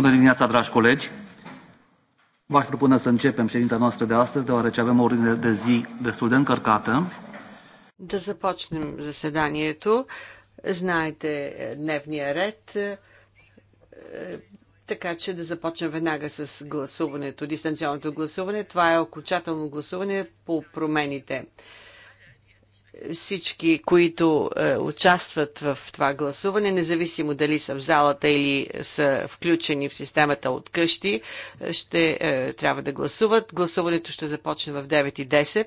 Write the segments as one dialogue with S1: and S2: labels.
S1: Bună dimineața, dragi colegi! V-aș propune să începem ședința noastră de astăzi, deoarece avem o ordine de zi destul de încărcată.
S2: Да започнем заседанието. Знаете дневния ред, така че да започнем веднага с гласуването, дистанционното гласуване. Това е окончателно гласуване по промените всички, които е, участват в това гласуване, независимо дали са в залата или са включени в системата от къщи, е, ще е, трябва да гласуват. Гласуването ще започне в 9.10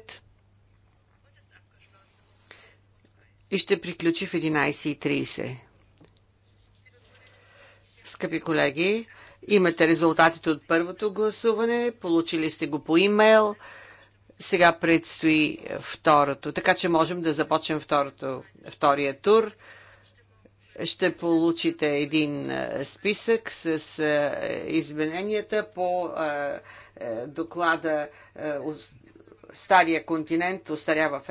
S2: и ще приключи в 11.30. Скъпи колеги, имате резултатите от първото гласуване, получили сте го по имейл. Сега предстои второто, така че можем да започнем второто, втория тур ще получите един списък с измененията по е, доклада е, Стария континент остарява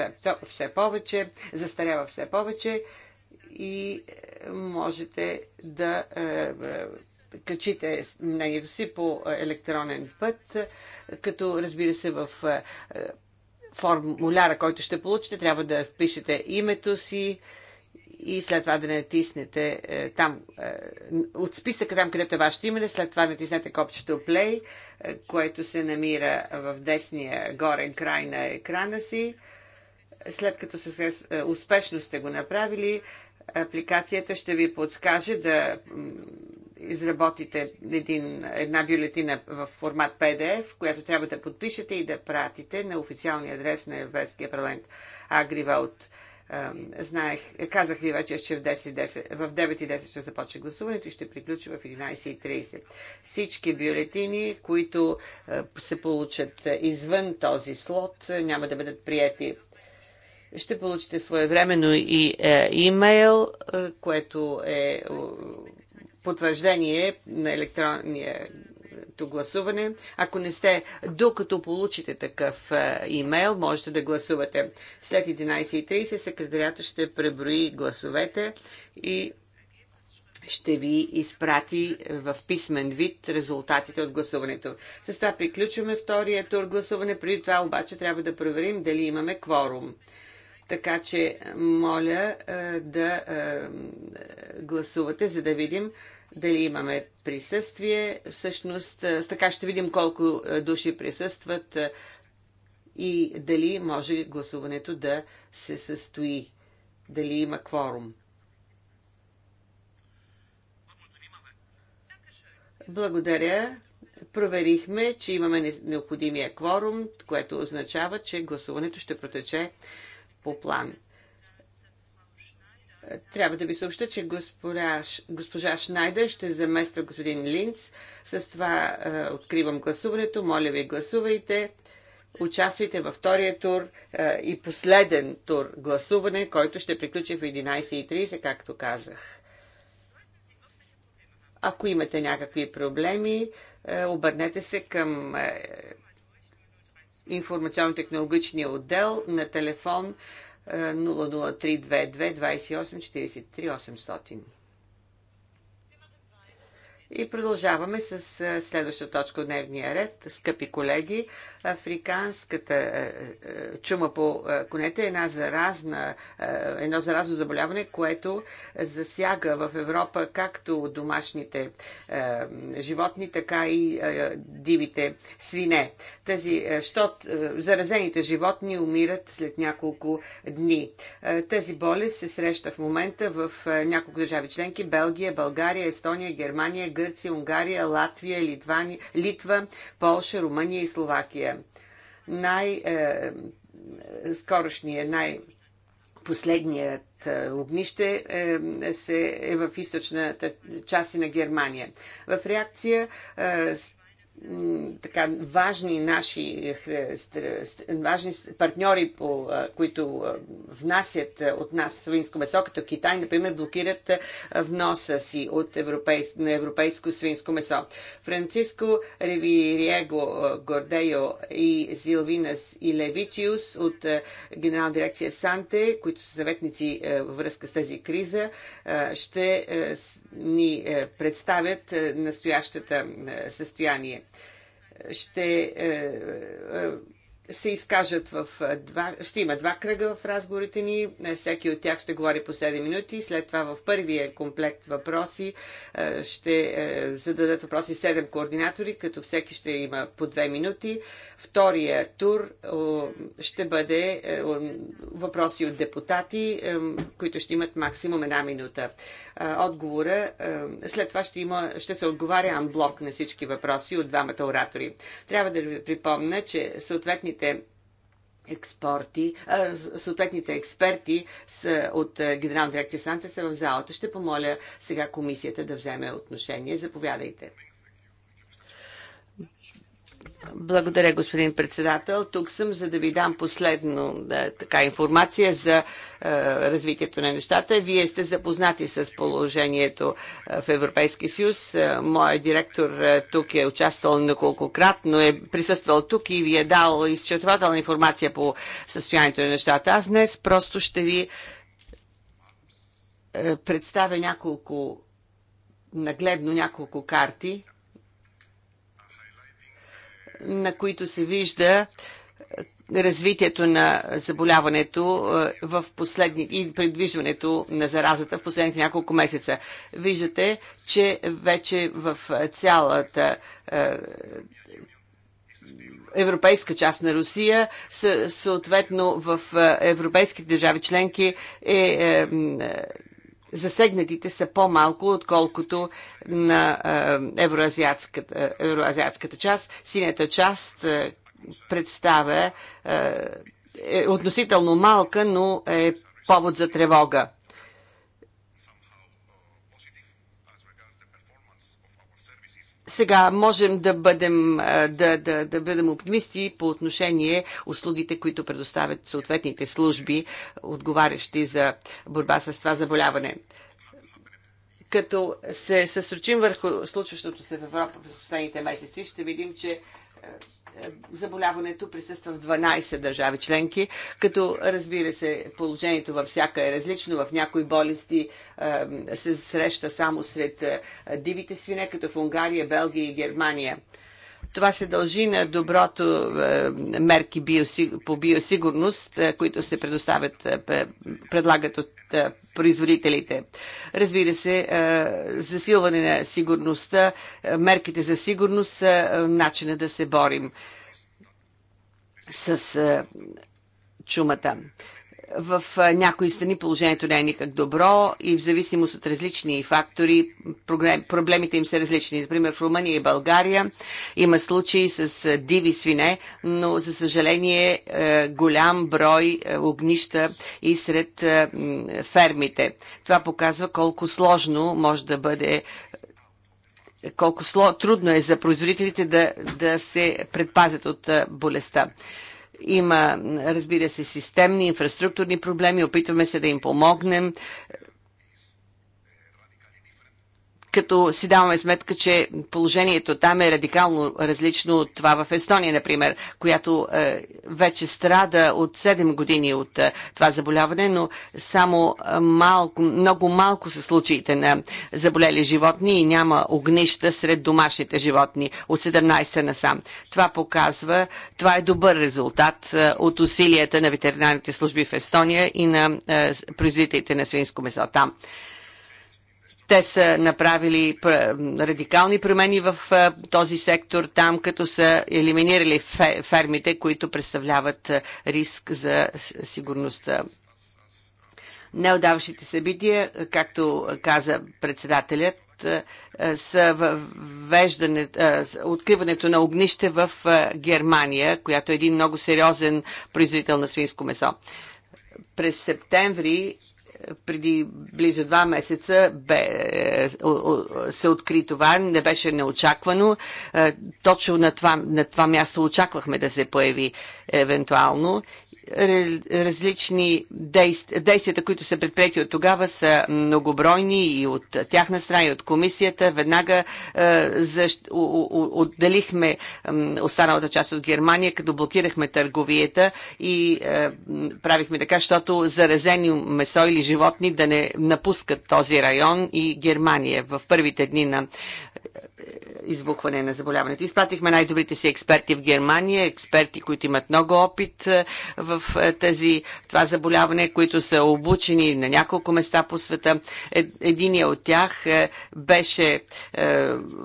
S2: все повече, застарява все повече и е, можете да качите мнението си по електронен път, като разбира се в е, формуляра, който ще получите, трябва да впишете името си и след това да натиснете е, там, е, от списъка там, където е вашето име, след това натиснете копчето Play, което се намира в десния горен край на екрана си. След като успешно сте го направили, апликацията ще ви подскаже да изработите един, една бюлетина в формат PDF, която трябва да подпишете и да пратите на официалния адрес на Европейския парламент Агривалт. Знаех, казах ви вече, че в, 9:10 10, в 9 ще започне гласуването и ще приключи в 11.30. Всички бюлетини, които се получат извън този слот, няма да бъдат прияти ще получите своевременно и е, имейл, е, което е потвърждение на електронния електронното гласуване. Ако не сте, докато получите такъв е, имейл, можете да гласувате. След 11.30 секретарията ще преброи гласовете и ще ви изпрати в писмен вид резултатите от гласуването. С това приключваме втория тур гласуване. Преди това обаче трябва да проверим дали имаме кворум. Така че моля е, да е, гласувате, за да видим дали имаме присъствие. Всъщност, е, така ще видим колко е, души присъстват е, и дали може гласуването да се състои, дали има кворум. Благодаря. Проверихме, че имаме необходимия кворум, което означава, че гласуването ще протече по план. Трябва да ви съобща, че госпожа, госпожа Шнайдер ще замества господин Линц. С това е, откривам гласуването. Моля ви, гласувайте. Участвайте във втория тур е, и последен тур гласуване, който ще приключи в 11.30, както казах. Ако имате някакви проблеми, е, обърнете се към е, информационно-технологичния отдел на телефон 00322 28 43 800. И продължаваме с следващата точка от дневния ред. Скъпи колеги, африканската чума по конете е една заразна, едно заразно заболяване, което засяга в Европа както домашните животни, така и дивите свине. Тези щот, заразените животни умират след няколко дни. Тази болест се среща в момента в няколко държави членки Белгия, България, Естония, Германия, Гърция, Унгария, Латвия, Литвани, Литва, Полша, Румъния и Словакия. Най- е, най- последният е, огнище е, се, е в източната части на Германия. В реакция е, така, важни наши важни партньори, по, които внасят от нас свинско месо, като Китай, например, блокират вноса си от европейс, на европейско свинско месо. Франциско Ревириего Гордео и Зилвинас и Левичиус от Генерална дирекция Санте, които са съветници във връзка с тази криза, ще ни е, представят е, настоящата е, състояние. Ще се изкажат в два... Ще има два кръга в разговорите ни. Е, всеки от тях ще говори по 7 минути. След това в първия комплект въпроси е, ще е, зададат въпроси 7 координатори, като всеки ще има по 2 минути. Втория тур ще бъде въпроси от депутати, които ще имат максимум една минута. Отговора, след това ще, има, ще се отговаря анблок на всички въпроси от двамата оратори. Трябва да ви припомня, че съответните съответните експорти, а, съответните експерти с, от Генерална дирекция Санта са в залата. Ще помоля сега комисията да вземе отношение. Заповядайте. Благодаря, господин председател. Тук съм, за да ви дам последно да, така информация за е, развитието на нещата. Вие сте запознати с положението е, в Европейския съюз. Е, Моят директор е, тук е участвал неколкократно, е присъствал тук и ви е дал изчерпателна информация по състоянието на нещата. Аз днес просто ще ви е, представя няколко нагледно няколко карти на които се вижда е, развитието на заболяването е, в последни, и предвижването на заразата в последните няколко месеца. Виждате, че вече в цялата е, европейска част на Русия, съответно в европейските държави членки е засегнатите са по-малко, отколкото на евроазиатската, евроазиатската част. Синята част представя е относително малка, но е повод за тревога. Сега можем да бъдем, да, да, да бъдем оптимисти по отношение услугите, които предоставят съответните служби, отговарящи за борба с това заболяване като се съсрочим върху случващото се в Европа през последните месеци, ще видим, че е, заболяването присъства в 12 държави членки, като разбира се, положението във всяка е различно. В някои болести е, се среща само сред е, дивите свине, като в Унгария, Белгия и Германия. Това се дължи на доброто е, мерки биоси, по биосигурност, е, които се предоставят, е, предлагат от производителите. Разбира се, засилване на сигурността, мерките за сигурност са начина да се борим с чумата. В някои страни положението не е никак добро и в зависимост от различни фактори проблемите им са различни. Например, в Румъния и България има случаи с диви свине, но за съжаление е, голям брой е, огнища и сред е, фермите. Това показва колко сложно може да бъде колко трудно е за производителите да, да се предпазят от болестта. Има, разбира се, системни, инфраструктурни проблеми. Опитваме се да им помогнем като си даваме сметка, че положението там е радикално различно от това в Естония, например, която е, вече страда от 7 години от е, това заболяване, но само е, малко, много малко са случаите на заболели животни и няма огнища сред домашните животни от 17 насам. Това показва, това е добър резултат е, от усилията на ветеринарните служби в Естония и на е, производителите на свинско месо там. Те са направили радикални промени в този сектор там, като са елиминирали фермите, които представляват риск за сигурността. Неодаващите събития, както каза председателят, с откриването на огнище в Германия, която е един много сериозен производител на свинско месо. През септември преди близо два месеца бе, е, се откри това, не беше неочаквано. Е, точно на това, на това място очаквахме да се появи евентуално различни действия, действията, които са предприяти от тогава, са многобройни и от тяхна страна, и от комисията. Веднага е, защ... отделихме останалата част от Германия, като блокирахме търговията и е, правихме така, защото заразени месо или животни да не напускат този район и Германия в първите дни на е, избухване на заболяването. Изпратихме най-добрите си експерти в Германия, експерти, които имат много опит е, в в е, тези, това заболяване, които са обучени на няколко места по света. Е, Единият от тях е, беше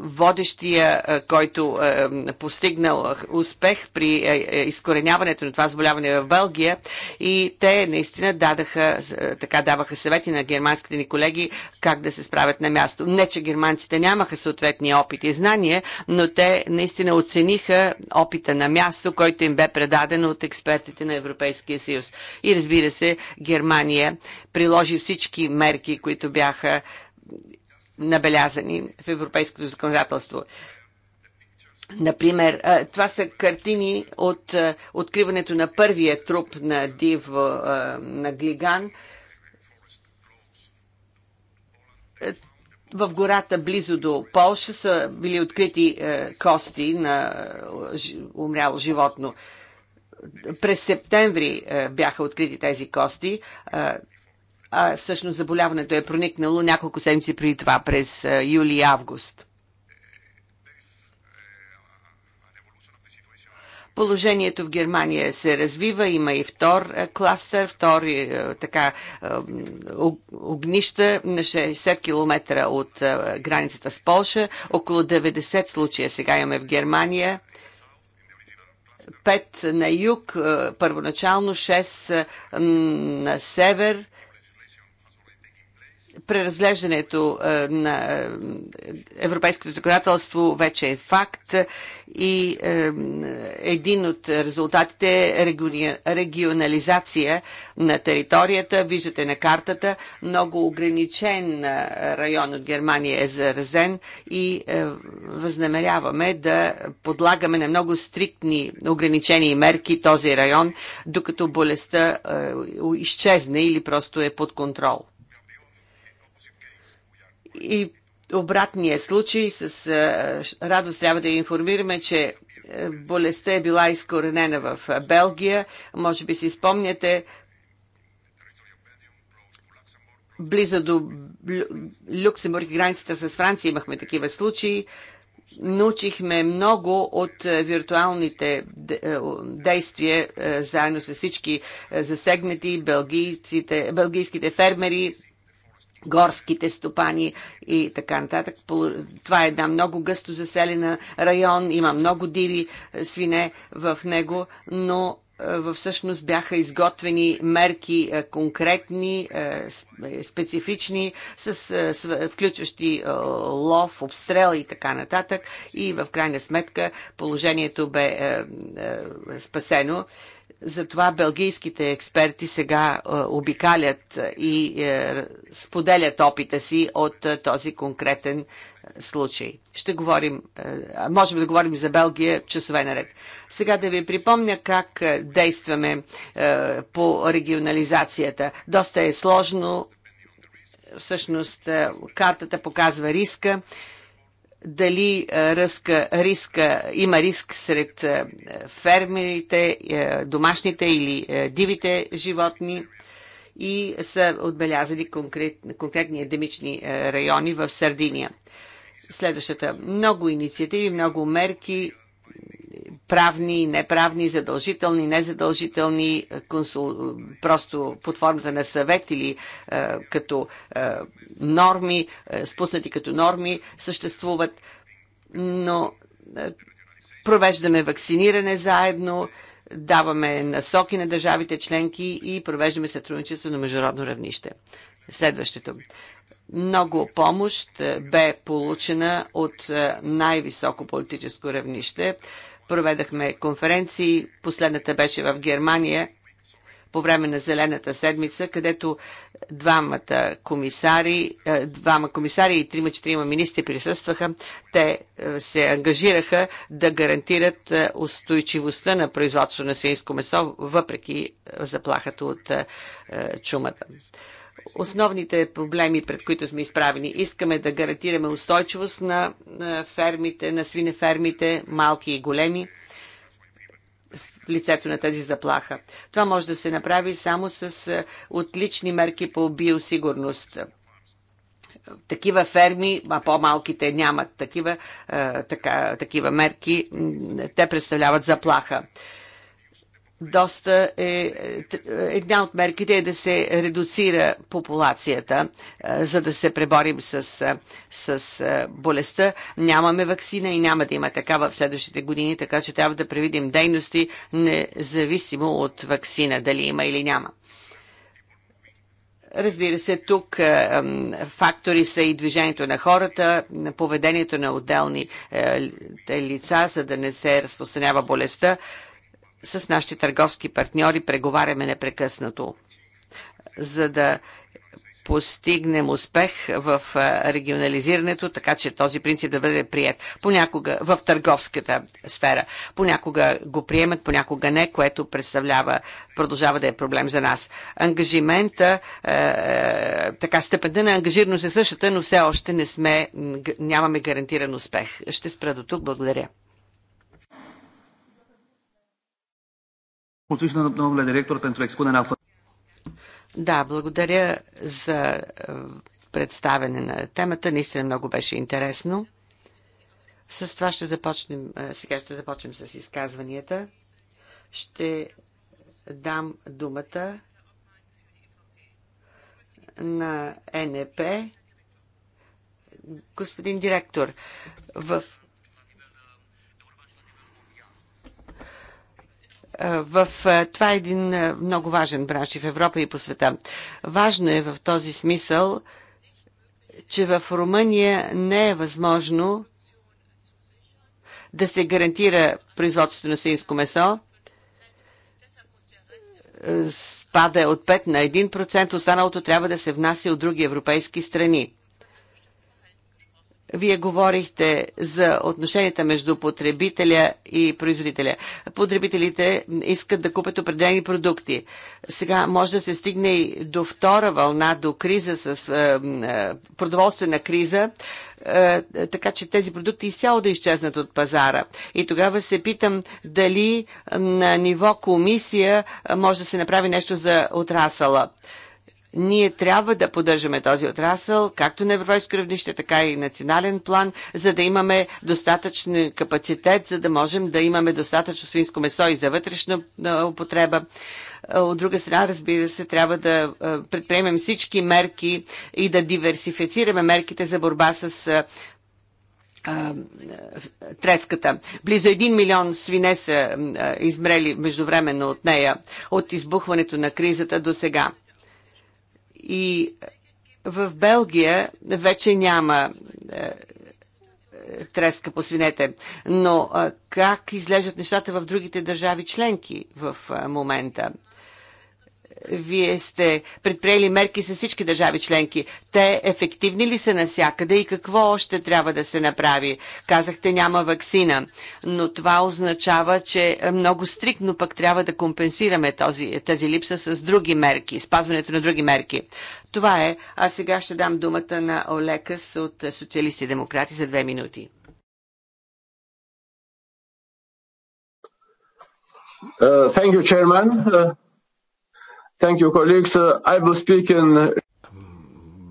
S2: водещия, който постигнал успех при изкореняването на това заболяване в Белгия и те наистина дадаха, така даваха съвети на германските ни колеги как да се справят на място. Не, че германците нямаха съответния опит и знание, но те наистина оцениха опита на място, който им бе предаден от експертите на Европейския Европейския съюз. И разбира се, Германия приложи всички мерки, които бяха набелязани в европейското законодателство. Например, това са картини от откриването на първия труп на див на Глиган в гората близо до Полша са били открити кости на умряло животно. През септември е, бяха открити тези кости. Е, а, всъщност заболяването е проникнало няколко седмици преди това, през е, юли и август. Положението в Германия се развива, има и втор кластър, втори така огнища на 60 км от границата с Полша. Около 90 случая сега имаме в Германия. 5 на юг, е, първоначално 6 е, на север преразглеждането е, на е, европейското законодателство вече е факт и е, един от резултатите е регионализация на територията. Виждате на картата, много ограничен район от Германия е заразен и възнамеряваме да подлагаме на много стриктни ограничени мерки този район, докато болестта изчезне или просто е под контрол. И обратния случай с радост трябва да информираме, че е, болестта е била изкоренена в Белгия. Може би си спомняте, близо до Люксембург, границата с Франция имахме такива случаи. Научихме много от виртуалните действия заедно с всички засегнати белгийците, белгийските фермери, горските стопани и така нататък. Това е една много гъсто заселена район, има много диви е, свине в него, но е, всъщност бяха изготвени мерки е, конкретни, специфични, с, включващи лов, обстрел и така нататък. И в крайна сметка положението бе спасено. Затова белгийските експерти сега е, обикалят е, и е, споделят опита си от този конкретен случай. Ще говорим, можем да говорим за Белгия часове наред. Сега да ви припомня как действаме по регионализацията. Доста е сложно. Всъщност картата показва риска дали ръска, риска, има риск сред фермерите, домашните или дивите животни и са отбелязали конкрет, конкретни едемични райони в Сардиния. Следващата. Много инициативи, много мерки правни и неправни, задължителни и незадължителни, е, консул... просто под формата на съвет или е, като е, норми, е, спуснати като норми, съществуват. Но е, провеждаме вакциниране заедно, даваме насоки на държавите членки и провеждаме сътрудничество на международно равнище. Следващото много помощ е, бе получена от е, най-високо политическо равнище проведахме конференции. Последната беше в Германия по време на Зелената седмица, където двамата комисари, е, двама комисари и трима-четирима министри присъстваха. Те е, се ангажираха да гарантират е, устойчивостта на производство на свинско месо, въпреки заплахата от чумата основните проблеми, пред които сме изправени. Искаме да гарантираме устойчивост на фермите, на свинефермите, малки и големи, в лицето на тази заплаха. Това може да се направи само с е, отлични мерки по биосигурност. Такива ферми, а по-малките нямат такива, е, така, такива мерки, те представляват заплаха доста е, е, една от мерките е да се редуцира популацията, е, за да се преборим с, е, с болестта. Нямаме вакцина и няма да има такава в следващите години, така че трябва да превидим дейности независимо от вакцина, дали има или няма. Разбира се, тук фактори са и движението на хората, поведението на отделни лица, за да не се разпространява болестта с нашите търговски партньори преговаряме непрекъснато, за да постигнем успех в регионализирането, така че този принцип да бъде прият понякога в търговската сфера. Понякога го приемат, понякога не, което представлява, продължава да е проблем за нас. Ангажимента, е, така степента на ангажираност е същата, но все още не сме, нямаме гарантиран успех. Ще спра до тук. Благодаря.
S1: Mulțumesc, domnule director, pentru expunerea
S2: Да, благодаря за е, представене на темата. Наистина много беше интересно. С това ще започнем, е, сега ще започнем с изказванията. Ще дам думата на НЕП. Господин директор, в в това е един много важен бранш и в Европа и по света. Важно е в този смисъл, че в Румъния не е възможно да се гарантира производството на свинско месо. Спада е от 5 на 1%, останалото трябва да се внася от други европейски страни. Вие говорихте за отношенията между потребителя и производителя. Потребителите искат да купят определени продукти. Сега може да се стигне и до втора вълна, до криза с е, е, продоволствена криза, е, така че тези продукти изцяло да изчезнат от пазара. И тогава се питам дали на ниво комисия може да се направи нещо за отрасъла. Ние трябва да поддържаме този отрасъл, както на европейско равнище, така и национален план, за да имаме достатъчен капацитет, за да можем да имаме достатъчно свинско месо и за вътрешна употреба. От друга страна, разбира се, трябва да предприемем всички мерки и да диверсифицираме мерките за борба с треската. Близо 1 милион свине са измрели междувременно от нея, от избухването на кризата до сега. И в Белгия вече няма е, треска по свинете. Но е, как излежат нещата в другите държави членки в е, момента? вие сте предприели мерки с всички държави членки. Те ефективни ли са насякъде и какво още трябва да се направи? Казахте няма вакцина, но това означава, че много стриктно пък трябва да компенсираме този, тази липса с други мерки, спазването на други мерки. Това е. А сега ще дам думата на Олекас от Социалисти и демократи за две минути. Uh, thank you, Chairman. Uh... Thank you, colleagues. I will speak in... Uh,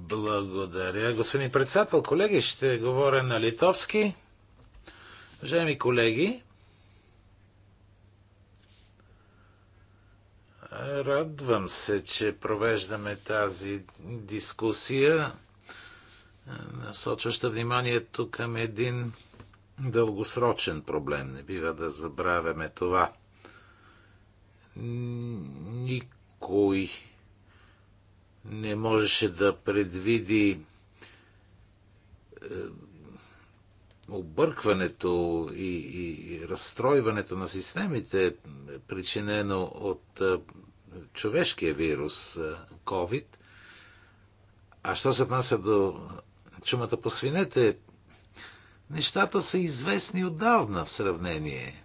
S1: Благодаря. Господин председател, колеги, ще говоря на литовски. Уважаеми колеги, радвам се, че провеждаме тази дискусия, насочваща вниманието към един дългосрочен проблем. Не бива да забравяме това. И никой не можеше да предвиди е, объркването и, и разстройването на системите, причинено от е, човешкия вирус е, COVID. А що се отнася до чумата по свинете, нещата са известни отдавна в сравнение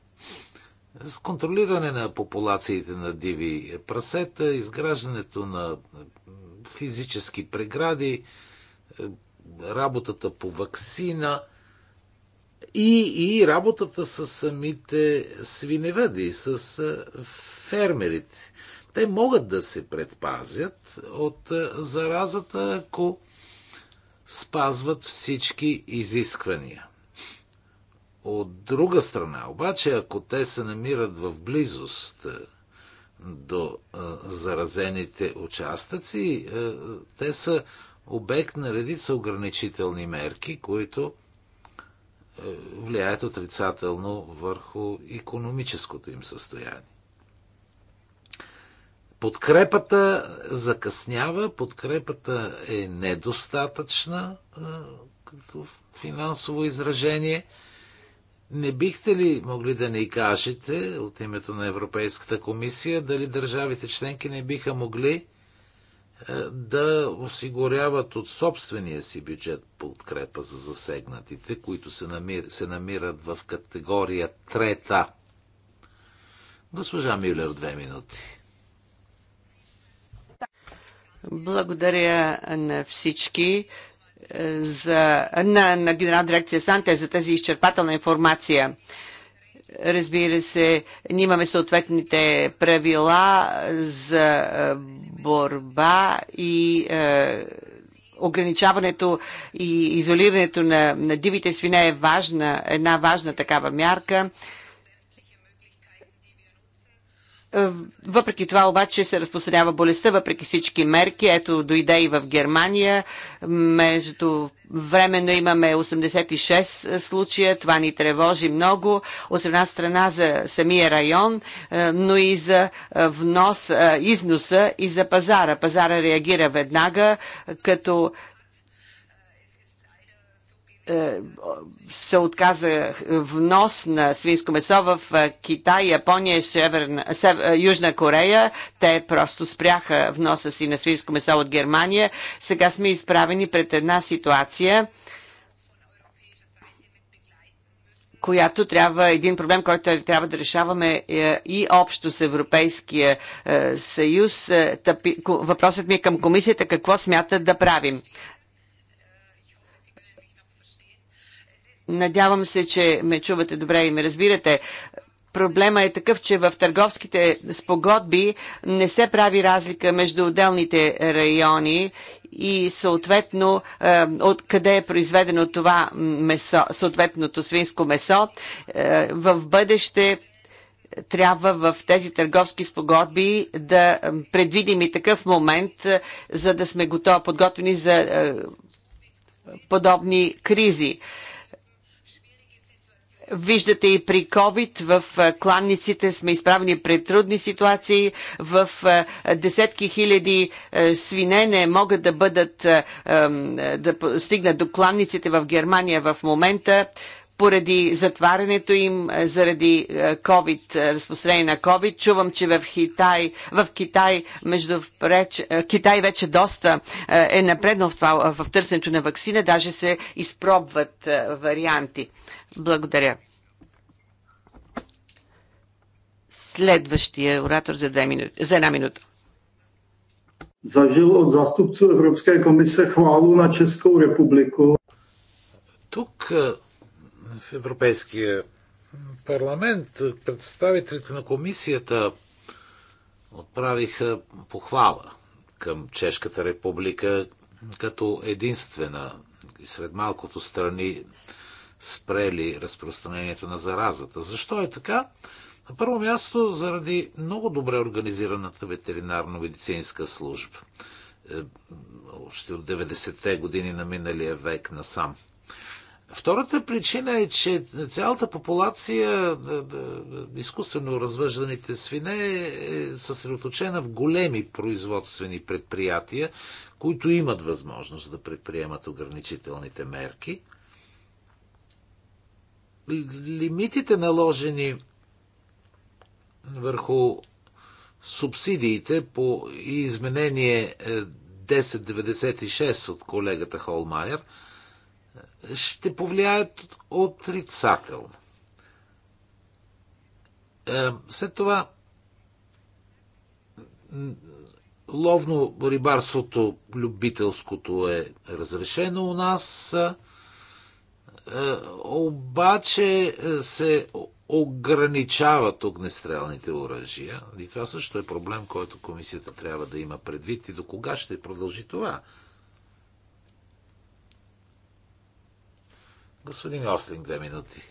S1: с контролиране на популациите на диви прасета, изграждането на физически прегради, работата по вакцина и, и работата с самите свиневеди, с фермерите. Те могат да се предпазят от заразата, ако спазват всички изисквания. От друга страна, обаче, ако те се намират в близост е, до е, заразените участъци, е, те са обект на редица ограничителни мерки, които влияят отрицателно върху економическото им състояние. Подкрепата закъснява, подкрепата е недостатъчна като финансово изражение – не бихте ли могли да ни кажете от името на Европейската комисия дали държавите членки не биха могли е, да осигуряват от собствения си бюджет подкрепа за засегнатите, които се, намир, се намират в категория трета? Госпожа Милер, две минути.
S2: Благодаря на всички за, на, на Генерална дирекция Санте за тази изчерпателна информация. Разбира се, ние имаме съответните правила за е, борба и е, ограничаването и изолирането на, на дивите свине е важна, една важна такава мярка. Е, въпреки това обаче се разпространява болестта, въпреки всички мерки. Ето дойде и в Германия. Между времено имаме 86 е, случая. Това ни тревожи много. От една страна за самия район, е, но и за внос, износа и за пазара. Пазара реагира веднага, като е, се отказа внос на свинско месо в е, Китай, Япония, Северна, Сев, е, Южна Корея. Те просто спряха вноса си на свинско месо от Германия. Сега сме изправени пред една ситуация, която трябва, един проблем, който трябва да решаваме и общо с Европейския съюз. Въпросът ми е към комисията, какво смята да правим. Надявам се, че ме чувате добре и ме разбирате. Проблема е такъв, че в търговските спогодби не се прави разлика между отделните райони и съответно е, от къде е произведено това месо, съответното свинско месо. Е, в бъдеще трябва в тези търговски спогодби да предвидим и такъв момент, е, за да сме готови, подготвени за подобни кризи. Виждате и при COVID в кланниците сме изправени пред трудни ситуации. В десетки хиляди свине не могат да бъдат, да стигнат до кланниците в Германия в момента поради затварянето им заради COVID, разпространение на COVID. Чувам, че в Китай, в Китай, между преч... Китай вече доста е напреднал в, това, в търсенето на вакцина, даже се изпробват варианти. Благодаря. Следващия оратор за, две минути, за една минута.
S1: Зажил от заступцу Европейска комисия хвалу на Ческа република. Тук е, в Европейския парламент представителите на комисията отправиха похвала към Чешката република като единствена и сред малкото страни спрели разпространението на заразата. Защо е така? На първо място заради много добре организираната ветеринарно-медицинска служба. Е, още от 90-те години на миналия век насам. Втората причина е, че цялата популация изкуствено развъжданите свине е съсредоточена в големи производствени предприятия, които имат възможност да предприемат ограничителните мерки лимитите наложени върху субсидиите по изменение 1096 е, от колегата Холмайер е, ще повлияят отрицателно. Е, след това ловно рибарството, любителското е разрешено у нас – е, обаче е, се ограничават огнестрелните оръжия. И това също е проблем, който комисията трябва да има предвид. И до кога ще продължи това? Господин Ослин, две минути.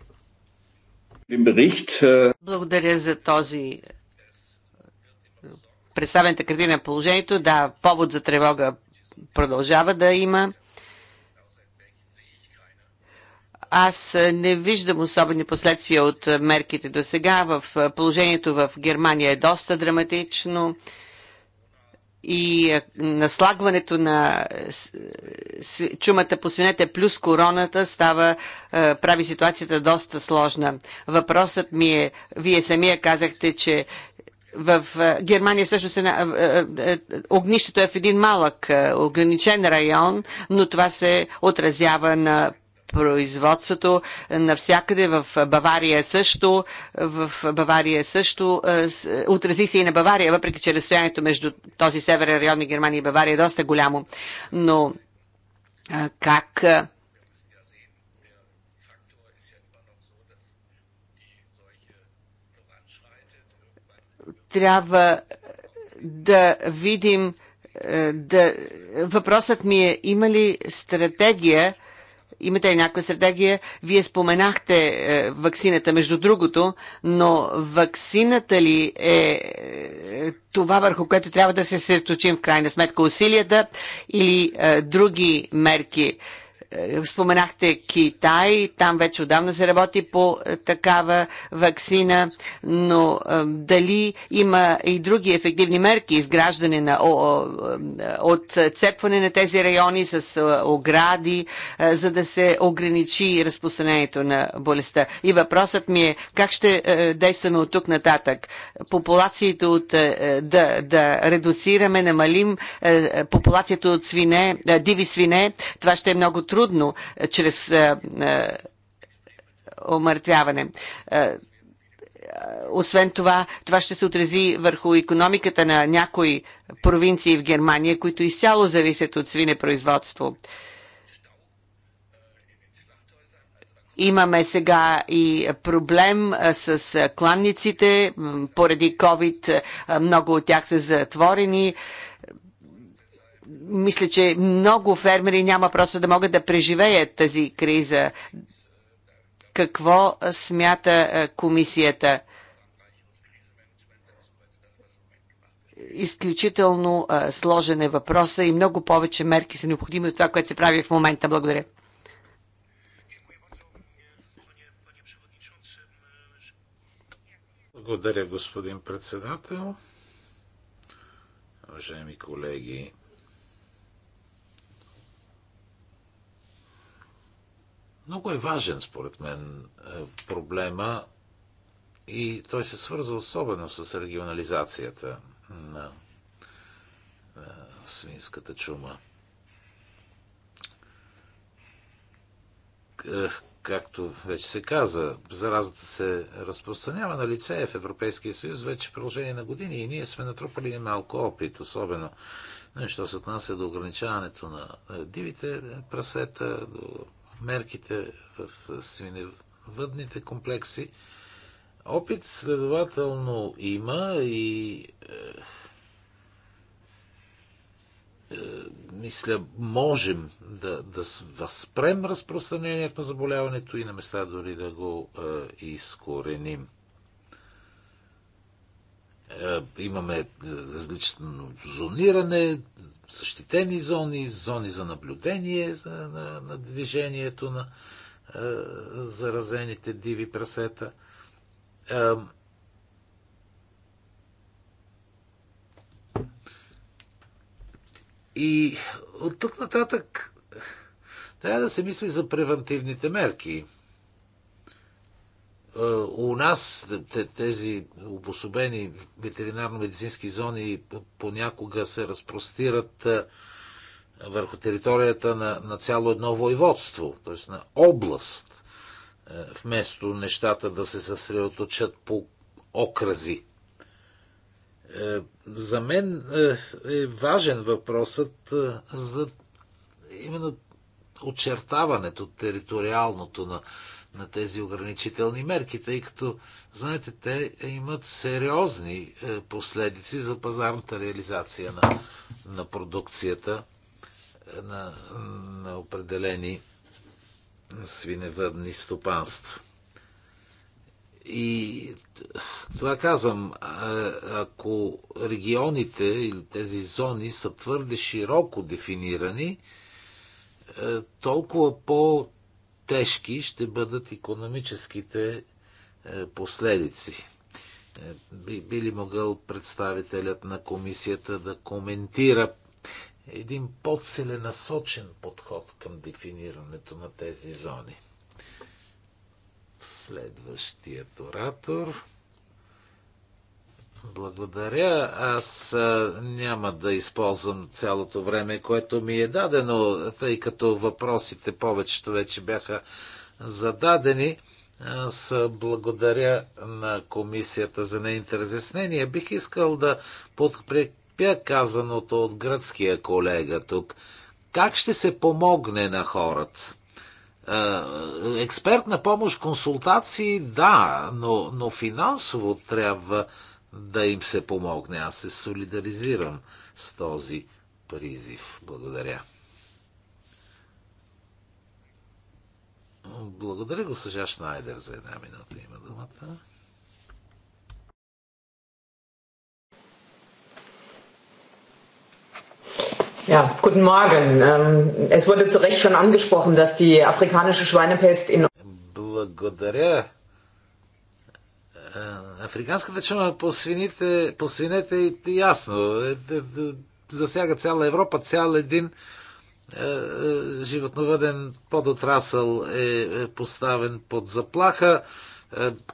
S1: Е,
S2: Благодаря за този представената картина на положението. Да, повод за тревога продължава да има. Аз не виждам особени последствия от мерките до сега. В положението в Германия е доста драматично и наслагването на чумата по свинете плюс короната става, прави ситуацията доста сложна. Въпросът ми е, вие самия казахте, че в Германия всъщност е, огнището е в един малък ограничен район, но това се отразява на производството. Навсякъде в Бавария също, в Бавария също, е, е, отрази се и на Бавария, въпреки че разстоянието между този северен район на Германия и Бавария е доста голямо. Но е, как трябва да видим да... Въпросът ми е, има ли стратегия имате ли някаква стратегия? Вие споменахте е, ваксината, между другото, но ваксината ли е, е това върху което трябва да се съсредоточим в крайна сметка усилията или е, други мерки? Е, е, споменахте Китай, там вече отдавна се работи по е, такава вакцина, но е, дали има и други ефективни мерки, изграждане на отцепване на тези райони с огради, за да се ограничи разпространението на болестта. И въпросът ми е как ще действаме от тук нататък? Популациите от да, да редуцираме, намалим популацията от свине, диви свине, това ще е много трудно трудно е, чрез е, е, омъртвяване освен това, това ще се отрази върху економиката на някои провинции в Германия, които изцяло зависят от свинепроизводство. Имаме сега и проблем с кланниците. Поради COVID много от тях са затворени мисля, че много фермери няма просто да могат да преживеят тази криза. Какво смята е, комисията? Изключително е, сложен е въпроса и много повече мерки са необходими от това, което се прави в момента. Благодаря.
S1: Благодаря, господин председател. Уважаеми колеги, Много е важен, според мен, е, проблема и той се свърза особено с регионализацията на е, свинската чума. Е, както вече се каза, заразата се разпространява на лице в Европейския съюз вече в продължение на години и ние сме натрупали малко опит, особено нали, що се отнася до ограничаването на дивите прасета, до мерките в свиневъдните комплекси. Опит следователно има и е, е, мисля, можем да, да, да спрем разпространението на заболяването и на места дори да го е, изкореним. Е, имаме е, различно зониране, защитени зони, зони за наблюдение за, на, на движението на е, заразените диви прасета. Е, и от тук нататък трябва да се мисли за превентивните мерки. Е, у нас тези обособени ветеринарно-медицински зони понякога се разпростират е, върху територията на, на цяло едно воеводство, т.е. на област, е, вместо нещата да се съсредоточат по окрази. За мен е важен въпросът за именно очертаването териториалното на на тези ограничителни мерки, тъй като, знаете, те имат сериозни е, последици за пазарната реализация на, на продукцията е, на, на определени свиневъдни стопанства. И това казвам, е, ако регионите или тези зони са твърде широко дефинирани, толкова по тежки ще бъдат економическите е, последици. Е, би, би ли могъл представителят на комисията да коментира един по-целенасочен подход към дефинирането на тези зони? Следващият оратор. Благодаря. Аз няма да използвам цялото време, което ми е дадено, тъй като въпросите повечето вече бяха зададени. Аз благодаря на комисията за нейните разяснения. Бих искал да подкрепя казаното от гръцкия колега тук. Как ще се помогне на хората? Експертна помощ, консултации, да, но, но финансово трябва да им се помогне. Аз се солидаризирам с този призив. Благодаря. Благодаря, госпожа Шнайдер, за една минута има думата.
S2: Ja, guten Morgen. Ähm, es wurde zu Recht schon angesprochen, dass die afrikanische Schweinepest in.
S1: Благодаря. Е, африканската чума по свините, по свинете е ясно. Е, е, засяга цяла Европа, цял един животновъден подотрасъл е поставен под заплаха,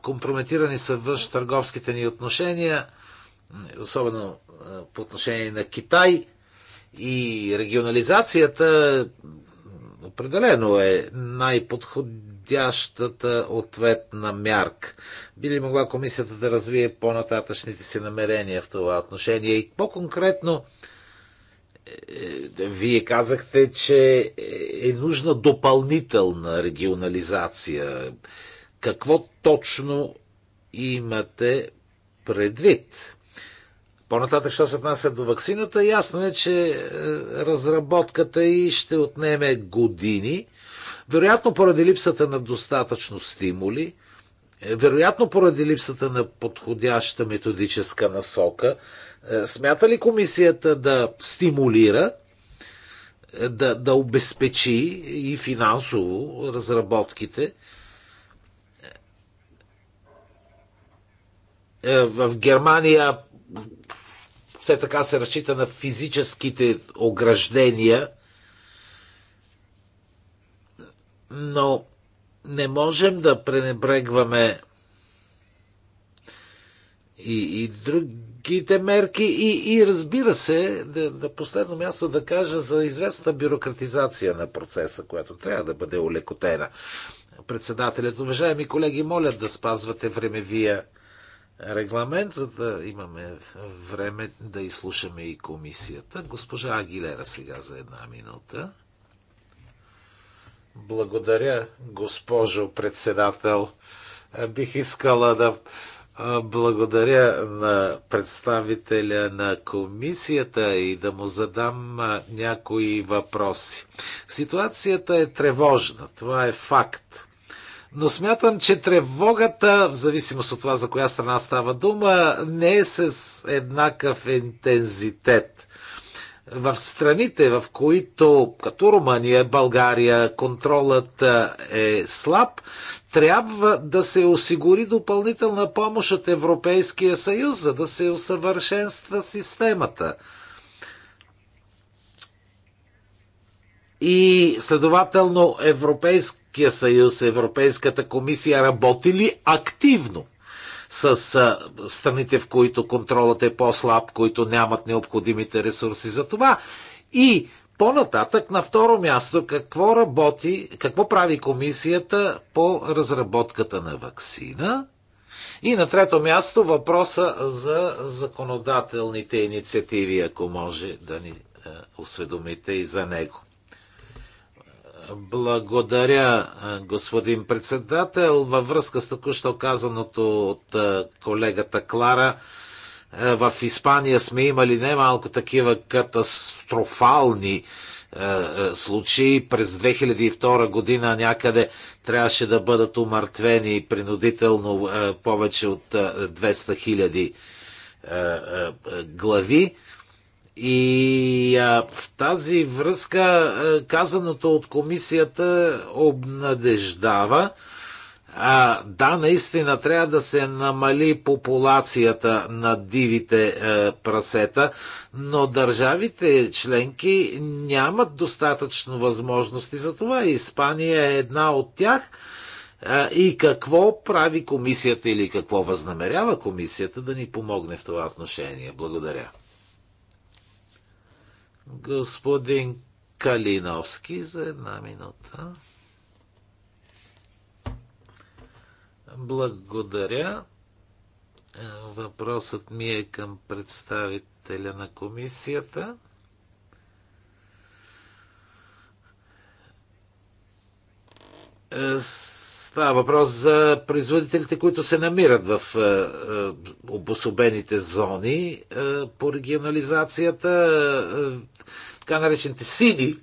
S1: компрометирани са външ търговските ни отношения, особено по отношение на Китай и регионализацията определено е най-подходяща подходящата ответна мярка. Би ли могла комисията да развие по-нататъчните си намерения в това отношение? И по-конкретно, е, е, вие казахте, че е нужна допълнителна регионализация. Какво точно имате предвид? По-нататък, що се отнася до вакцината, ясно е, че е, разработката и ще отнеме години. Вероятно поради липсата на достатъчно стимули, е, вероятно поради липсата на подходяща методическа насока, е, смята ли комисията да стимулира, е, да, да обезпечи и финансово разработките? В Германия все така се разчита на физическите ограждения но не можем да пренебрегваме и, и другите мерки и, и разбира се, да, да последно място да кажа за известната бюрократизация на процеса, която трябва да бъде улекотена. Председателят, уважаеми колеги, моля да спазвате времевия регламент, за да имаме време да изслушаме и комисията. Госпожа Агилера сега за една минута. Благодаря, госпожо председател. Бих искала да благодаря на представителя на комисията и да му задам някои въпроси. Ситуацията е тревожна, това е факт. Но смятам, че тревогата, в зависимост от това за коя страна става дума, не е с еднакъв интензитет в страните, в които, като Румъния, България, контролът е слаб, трябва да се осигури допълнителна помощ от Европейския съюз, за да се усъвършенства системата. И следователно Европейския съюз, Европейската комисия работили активно с страните, в които контролът е по-слаб, които нямат необходимите ресурси за това. И по-нататък, на второ място, какво работи, какво прави комисията по разработката на вакцина? И на трето място въпроса за законодателните инициативи, ако може да ни е, осведомите и за него. Благодаря, господин председател. Във връзка с току-що казаното от колегата Клара, в Испания сме имали немалко такива катастрофални случаи. През 2002 година някъде трябваше да бъдат умъртвени принудително повече от 200 000 глави. И а, в тази връзка а, казаното от комисията обнадеждава. А, да, наистина трябва да се намали популацията на дивите е, прасета, но държавите членки нямат достатъчно възможности за това. Испания е една от тях. А, и какво прави комисията или какво възнамерява комисията да ни помогне в това отношение? Благодаря господин Калиновски за една минута. Благодаря. Въпросът ми е към представителя на комисията. С е въпрос за производителите, които се намират в е, е, обособените зони е, по регионализацията. Така наречените сини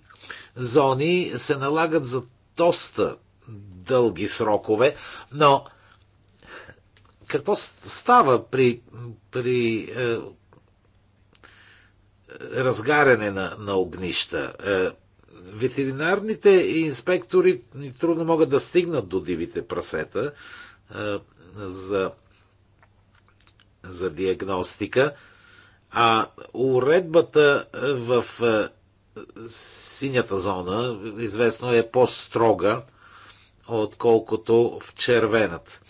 S1: зони се налагат за доста дълги срокове, но какво става при, при е, разгаряне на, на огнища? Е, ветеринарните инспектори трудно могат да стигнат до дивите прасета за, за диагностика, а уредбата в синята зона, известно е по-строга, отколкото в червената.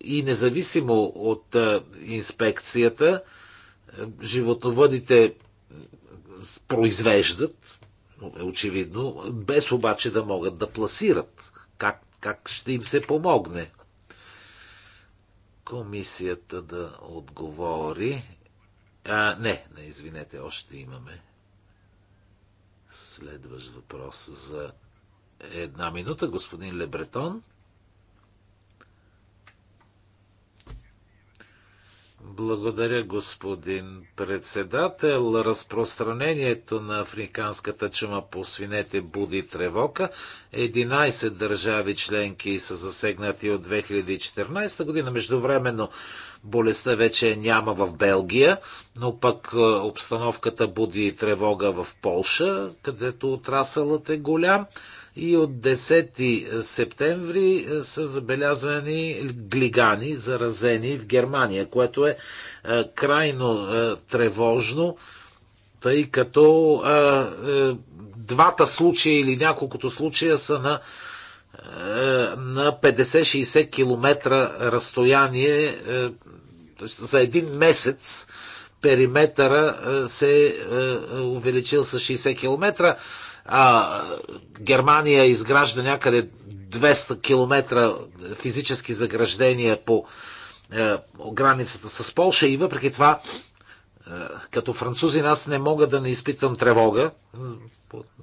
S1: И независимо от инспекцията, животновъдите произвеждат, е очевидно, без обаче да могат да пласират. Как, как ще им се помогне? Комисията да отговори. А, не, не, извинете, още имаме следващ въпрос за една минута. Господин Лебретон. Благодаря, господин председател. Разпространението на африканската чума по свинете буди тревога. 11 държави членки са засегнати от 2014 година. Междувременно болестта вече няма в Белгия, но пък е, обстановката буди тревога в Полша, където отрасълът е голям и от 10 септември е, са забелязани глигани, заразени в Германия, което е, е крайно е, тревожно, тъй като двата случая или няколкото случая са на на 50-60 км разстояние за един месец периметъра се е увеличил с 60 км а, Германия изгражда някъде 200 км физически заграждения по а, е, границата с Полша и въпреки това а, е, като французи, аз не мога да не изпитвам тревога,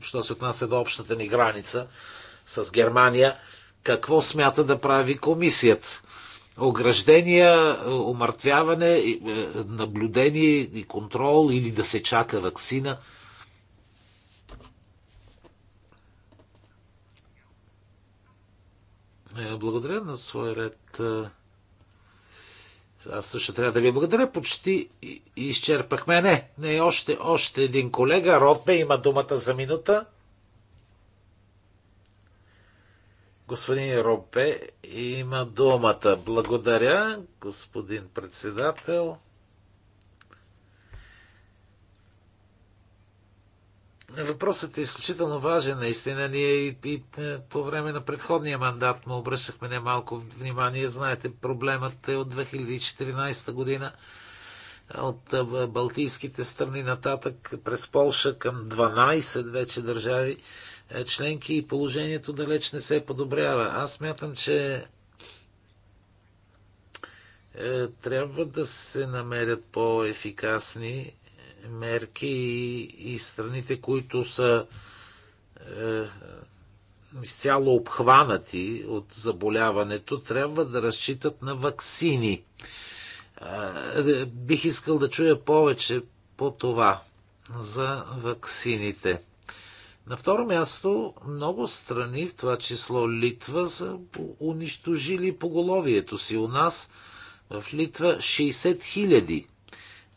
S1: що се отнася до общата ни граница с Германия, какво смята да прави комисията. Ограждения, умъртвяване, е, наблюдение и контрол или да се чака вакцина – Е, благодаря на свой ред. Е, аз също трябва да ви благодаря. Почти изчерпахме. Не, не, още, още един колега. Ротбе има думата за минута. Господин Ропе има думата. Благодаря, господин председател. Въпросът е изключително важен, наистина. Ние и, и е, по време на предходния мандат му обръщахме немалко внимание. Знаете, проблемът е от 2014 година от е, Балтийските страни нататък през Полша към 12 вече държави е, членки и положението далеч не се подобрява. Аз мятам, че трябва да се намерят по-ефикасни мерки и, и страните, които са е, изцяло обхванати от заболяването, трябва да разчитат на вакцини. Е, бих искал да чуя повече по това за ваксините. На второ място, много страни, в това число Литва, са унищожили поголовието си. У нас в Литва 60 хиляди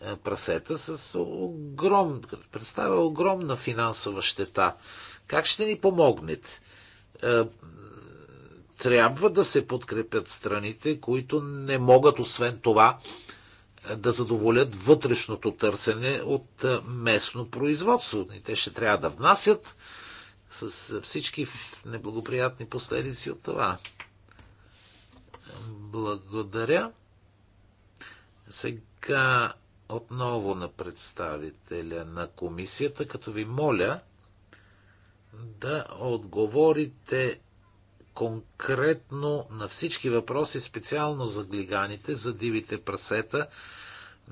S1: е, прасета с огром, представя огромна финансова щета. Как ще ни помогнат? Е, трябва да се подкрепят страните, които не могат, освен това, да задоволят вътрешното търсене от е, местно производство. И те ще трябва да внасят с всички неблагоприятни последици от това. Благодаря. Сега отново на представителя на комисията, като ви моля да отговорите конкретно на всички въпроси, специално за глиганите, за дивите прасета.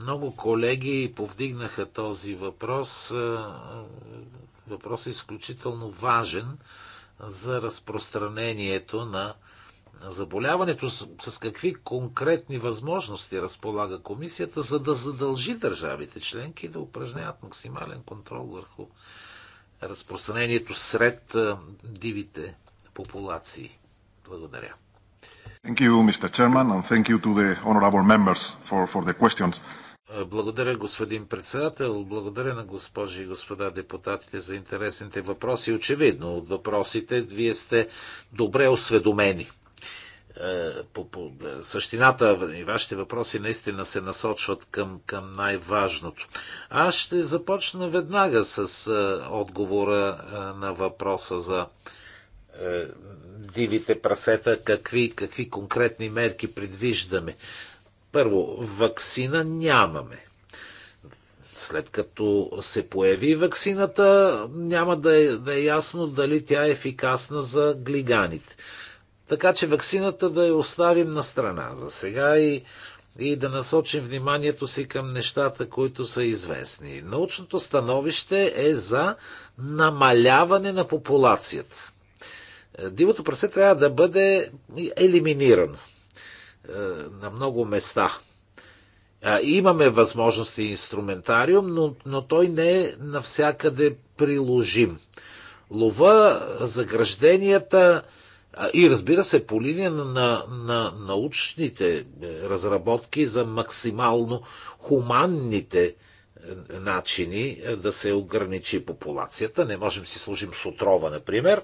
S1: Много колеги повдигнаха този въпрос. Е, въпрос е изключително важен за разпространението на заболяването, с, с какви конкретни възможности разполага комисията, за да задължи държавите членки да упражняват максимален контрол върху разпространението сред дивите популации. Благодаря. Thank you, Mr. Chairman, and thank you to the honorable members for, for the questions. Благодаря, господин председател. Благодаря на госпожи и господа депутатите за интересните въпроси. Очевидно, от въпросите вие сте добре осведомени е, по, по е, същината и вашите въпроси наистина се насочват към, към най-важното. Аз ще започна веднага с а, е, отговора а, на въпроса за а, дивите прасета, какви, какви конкретни мерки предвиждаме. Първо, вакцина нямаме. След като се появи вакцината, няма да е, да е ясно дали тя е ефикасна за глиганите така че ваксината да я оставим на страна за сега и, и да насочим вниманието си към нещата, които са известни. Научното становище е за намаляване на популацията. Е, дивото прасе трябва да бъде елиминирано е, на много места. Имаме възможности и инструментариум, но, но той не е навсякъде приложим. Лова, загражденията, и разбира се, по линия на, на научните е, разработки за максимално хуманните е, начини е, да се ограничи популацията. Не можем си служим с отрова, например.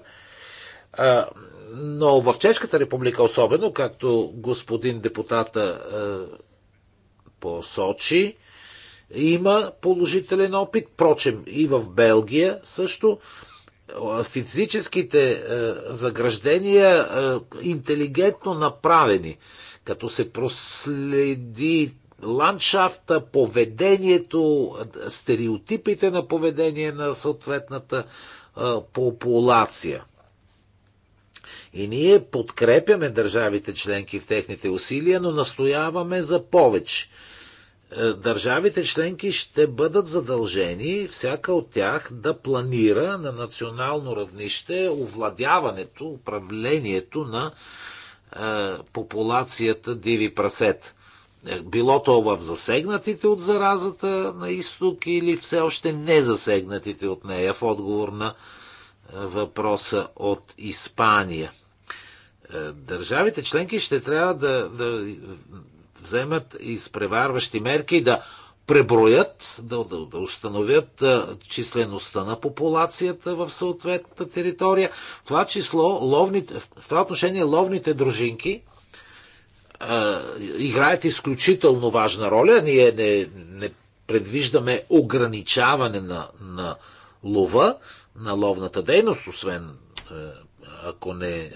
S1: Но в Чешката република особено, както господин депутата посочи, има положителен опит. Прочем, и в Белгия също физическите е, заграждения е, интелигентно направени, като се проследи ландшафта, поведението, стереотипите на поведение на съответната е, популация. И ние подкрепяме държавите членки в техните усилия, но настояваме за повече. Е, държавите членки ще бъдат задължени, всяка от тях, да планира на национално равнище овладяването, управлението на е, популацията диви прасет. Е, било то в засегнатите от заразата на изток или все още не засегнатите от нея, в отговор на е, въпроса от Испания държавите членки ще трябва да, да вземат изпреварващи мерки да преброят, да, да, да установят а, числеността на популацията в съответната територия. В това число, ловните, в това отношение, ловните дружинки а, играят изключително важна роля. Ние не, не предвиждаме ограничаване на, на лова, на ловната дейност, освен е, ако не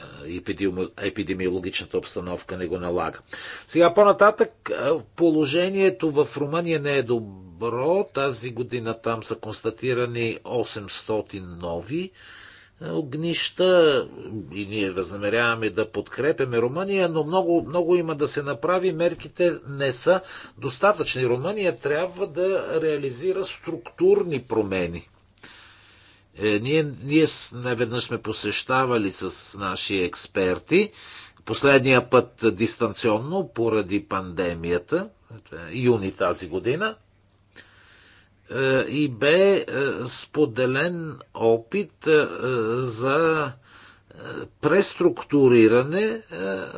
S1: епидемиологичната обстановка не го налага. Сега по-нататък положението в Румъния не е добро. Тази година там са констатирани 800 нови огнища и ние възнамеряваме да подкрепяме Румъния, но много, много има да се направи. Мерките не са достатъчни. Румъния трябва да реализира структурни промени – е, ние, ние неведнъж сме посещавали с наши експерти, последния път дистанционно поради пандемията, е, юни тази година, е, и бе споделен опит за преструктуриране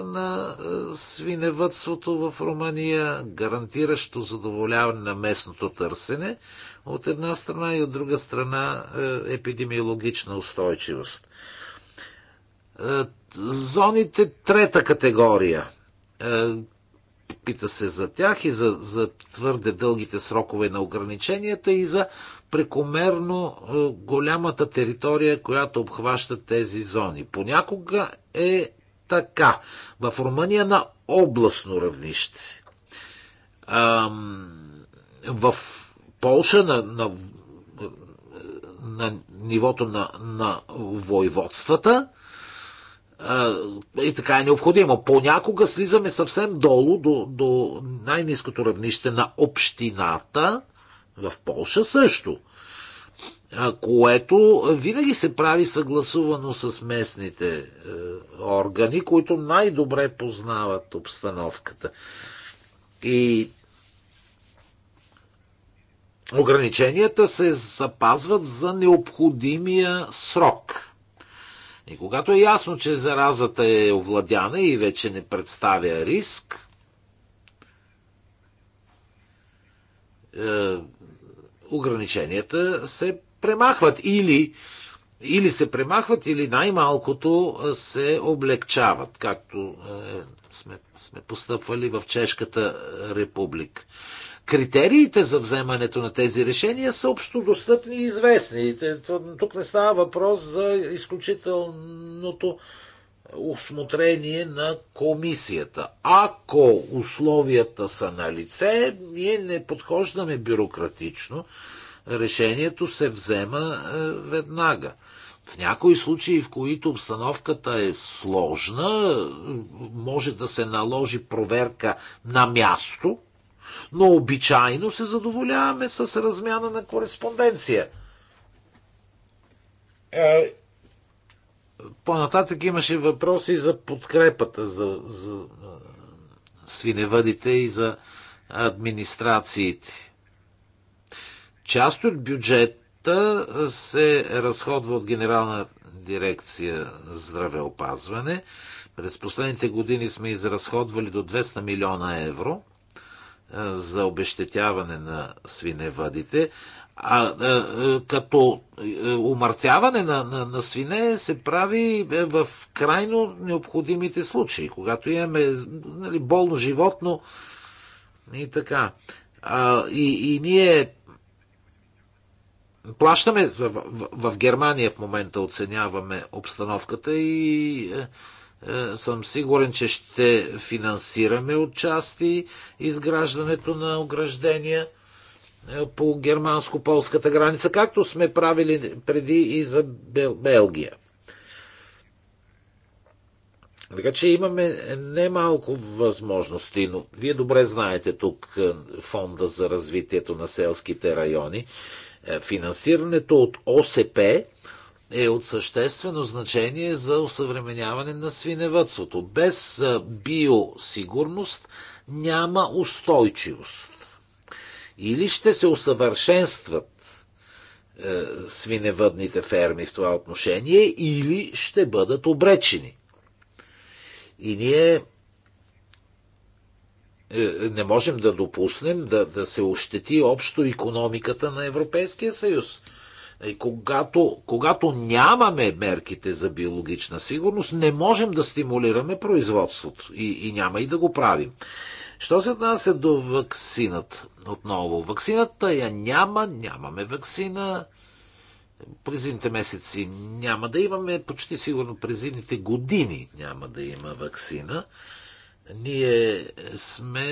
S1: на свиневътството в Румъния, гарантиращо задоволяване на местното търсене, от една страна и от друга страна е, епидемиологична устойчивост. Е, зоните трета категория. Е, пита се за тях и за, за твърде дългите срокове на ограниченията и за прекомерно голямата територия, която обхваща тези зони. Понякога е така. В Румъния на областно равнище. Ам, в Полша на, на, на нивото на, на войводствата. И така е необходимо. Понякога слизаме съвсем долу до, до най-низкото равнище на общината в Полша също което винаги се прави съгласувано с местните е, органи, които най-добре познават обстановката. И ограниченията се запазват за необходимия срок. И когато е ясно, че заразата е овладяна и вече не представя риск, е, ограниченията се премахват или, или се премахват, или най-малкото е, се облегчават, както е, сме, сме постъпвали в Чешката република критериите за вземането на тези решения са общо достъпни и известни. Тук не става въпрос за изключителното осмотрение на комисията. Ако условията са на лице, ние не подхождаме бюрократично. Решението се взема е, веднага. В някои случаи, в които обстановката е сложна, може да се наложи проверка на място но обичайно се задоволяваме с размяна на кореспонденция. Е, по-нататък имаше въпроси за подкрепата, за, за е, свиневъдите и за администрациите. Част от бюджета се разходва от Генерална дирекция здравеопазване. През последните години сме изразходвали до 200 милиона евро за обещетяване на свиневъдите, а, а, а като умъртяване на, на, на свине се прави е, в крайно необходимите случаи, когато имаме нали, болно животно и така. А, и, и ние плащаме в, в, в Германия в момента оценяваме обстановката и е, е, съм сигурен, че ще финансираме отчасти изграждането на ограждения е, по германско-полската граница, както сме правили преди и за Бел... Белгия. Така че имаме немалко възможности, но вие добре знаете тук е, фонда за развитието на селските райони. Финансирането от ОСП е от съществено значение за усъвременяване на свиневътството. Без биосигурност няма устойчивост. Или ще се усъвършенстват е, свиневъдните ферми в това отношение, или ще бъдат обречени. И ние е, не можем да допуснем да, да се ощети общо економиката на Европейския съюз. И е, когато, когато нямаме мерките за биологична сигурност, не можем да стимулираме производството и, и няма и да го правим. Що се отнася до ваксинат Отново, ваксината я няма, нямаме ваксина. През зимните месеци няма да имаме, почти сигурно през зимните години няма да има ваксина. Ние сме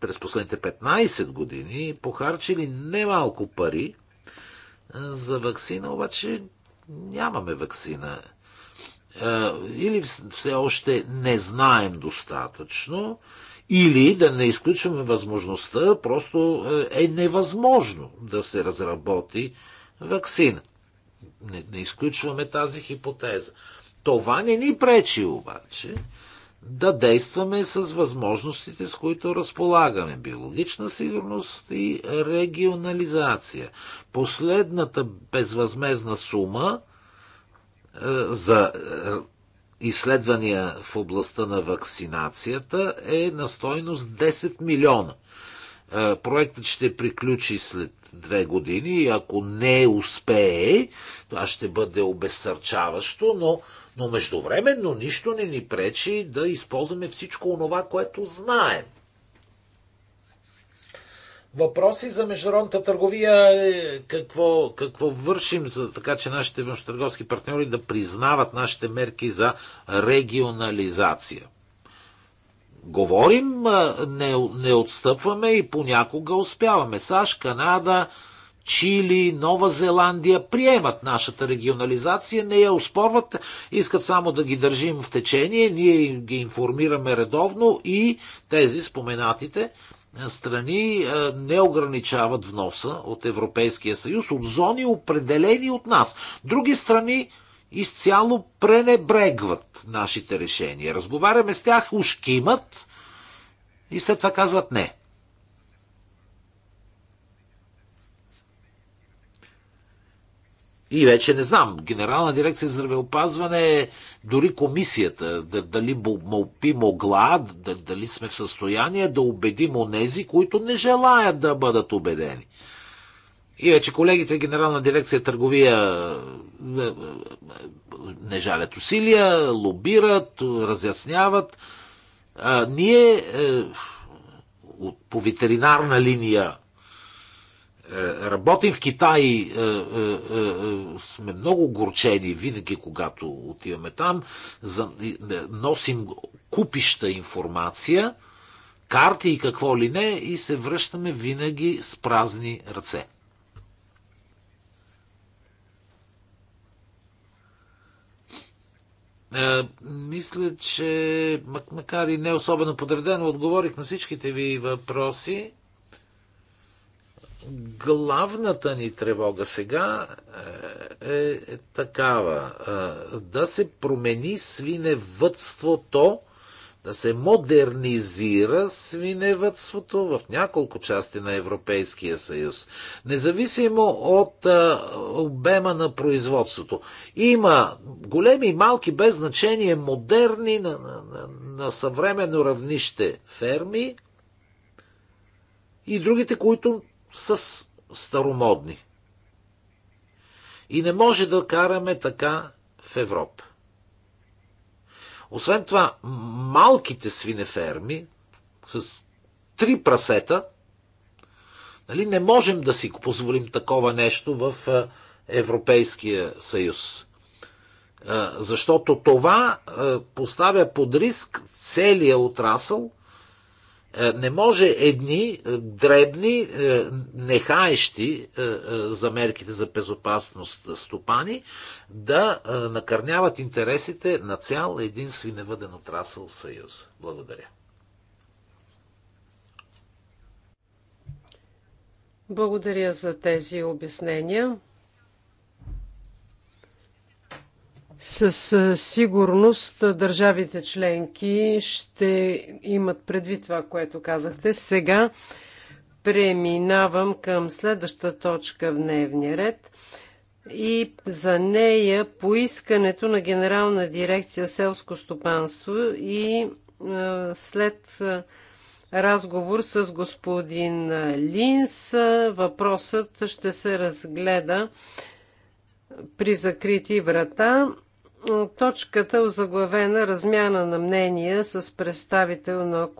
S1: през последните 15 години похарчили немалко пари за вакцина обаче нямаме вакцина. Е, или все още не знаем достатъчно, или да не изключваме възможността, просто е, е невъзможно да се разработи вакцина. Не, не изключваме тази хипотеза. Това не ни пречи обаче да действаме с възможностите, с които разполагаме. Биологична сигурност и регионализация. Последната безвъзмезна сума е, за е, изследвания в областта на вакцинацията е на стойност 10 милиона. Е, проектът ще приключи след две години и ако не успее, това ще бъде обесърчаващо, но но междувременно нищо не ни пречи да използваме всичко онова, което знаем. Въпроси за международната търговия. Е какво, какво вършим, за така че нашите външно-търговски партньори да признават нашите мерки за регионализация? Говорим, не, не отстъпваме и понякога успяваме. САЩ, Канада, Чили, Нова Зеландия приемат нашата регионализация, не я успорват, искат само да ги държим в течение, ние ги информираме редовно и тези споменатите страни не ограничават вноса от Европейския съюз, от зони определени от нас. Други страни изцяло пренебрегват нашите решения. Разговаряме с тях, ушкимат и след това казват не. И вече не знам, Генерална дирекция здравеопазване, дори комисията, дали би могла, дали сме в състояние да убедим онези, които не желаят да бъдат убедени. И вече колегите Генерална дирекция търговия е, е, е, не жалят усилия, лобират, разясняват. А, ние по ветеринарна линия е, работим. В Китай е, е, сме много горчени винаги, когато отиваме там. Носим купища информация, карти и какво ли не, и се връщаме винаги с празни ръце. мисля, че макар и не особено подредено, отговорих на всичките ви въпроси главната ни тревога сега е, е такава. Е, да се промени свиневътството, да се модернизира свиневътството в няколко части на Европейския съюз, независимо от е, обема на производството. Има големи и малки, без значение, модерни на, на, на, на съвременно равнище ферми и другите, които с старомодни. И не може да караме така в Европа. Освен това, малките свинеферми с три прасета, нали, не можем да си позволим такова нещо в Европейския съюз. Защото това поставя под риск целия отрасъл – е, не може едни е, дребни, е, нехаещи за мерките за безопасност стопани да накърняват интересите на цял един свиневъден отрасъл в Съюз. Благодаря. Благодаря за тези обяснения. Със сигурност държавите членки ще имат предвид това, което казахте. Сега преминавам към следваща
S2: точка в дневния ред и за нея поискането на Генерална дирекция селско стопанство и след
S1: разговор с господин Линс въпросът ще се разгледа при закрити врата точката озаглавена размяна на мнения с представител на